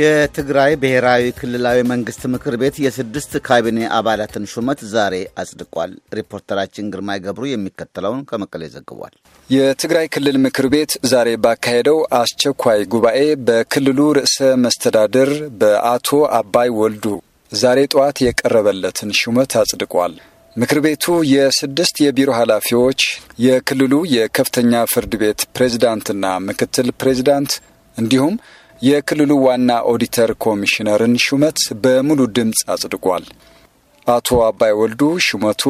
የትግራይ ብሔራዊ ክልላዊ መንግስት ምክር ቤት የስድስት ካቢኔ አባላትን ሹመት ዛሬ አጽድቋል። ሪፖርተራችን ግርማይ ገብሩ የሚከተለውን ከመቀሌ ዘግቧል። የትግራይ ክልል ምክር ቤት ዛሬ ባካሄደው አስቸኳይ ጉባኤ በክልሉ ርዕሰ መስተዳድር በአቶ አባይ ወልዱ ዛሬ ጠዋት የቀረበለትን ሹመት አጽድቋል። ምክር ቤቱ የስድስት የቢሮ ኃላፊዎች፣ የክልሉ የከፍተኛ ፍርድ ቤት ፕሬዝዳንትና ምክትል ፕሬዝዳንት እንዲሁም የክልሉ ዋና ኦዲተር ኮሚሽነርን ሹመት በሙሉ ድምፅ አጽድቋል። አቶ አባይ ወልዱ ሹመቱ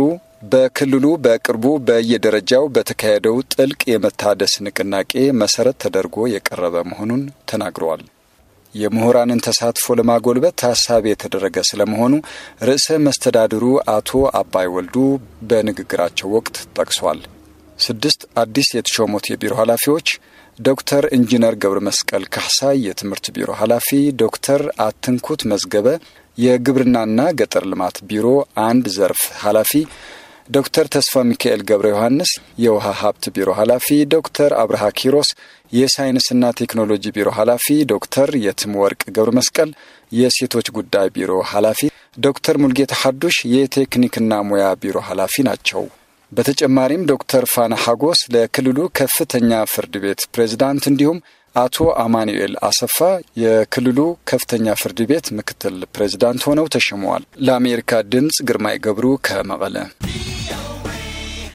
በክልሉ በቅርቡ በየደረጃው በተካሄደው ጥልቅ የመታደስ ንቅናቄ መሰረት ተደርጎ የቀረበ መሆኑን ተናግረዋል። የምሁራንን ተሳትፎ ለማጎልበት ታሳቢ የተደረገ ስለመሆኑ ርዕሰ መስተዳድሩ አቶ አባይ ወልዱ በንግግራቸው ወቅት ጠቅሷል። ስድስት አዲስ የተሾሙት የቢሮ ኃላፊዎች ዶክተር ኢንጂነር ገብረ መስቀል ካሳይ የትምህርት ቢሮ ኃላፊ፣ ዶክተር አትንኩት መዝገበ የግብርናና ገጠር ልማት ቢሮ አንድ ዘርፍ ኃላፊ ዶክተር ተስፋ ሚካኤል ገብረ ዮሐንስ የውሃ ሀብት ቢሮ ኃላፊ፣ ዶክተር አብርሃ ኪሮስ የሳይንስና ቴክኖሎጂ ቢሮ ኃላፊ፣ ዶክተር የትም ወርቅ ገብረ መስቀል የሴቶች ጉዳይ ቢሮ ኃላፊ፣ ዶክተር ሙልጌታ ሐዱሽ የቴክኒክና ሙያ ቢሮ ኃላፊ ናቸው። በተጨማሪም ዶክተር ፋና ሐጎስ ለክልሉ ከፍተኛ ፍርድ ቤት ፕሬዝዳንት እንዲሁም አቶ አማኑኤል አሰፋ የክልሉ ከፍተኛ ፍርድ ቤት ምክትል ፕሬዝዳንት ሆነው ተሽመዋል። ለአሜሪካ ድምፅ ግርማይ ገብሩ ከመቀለ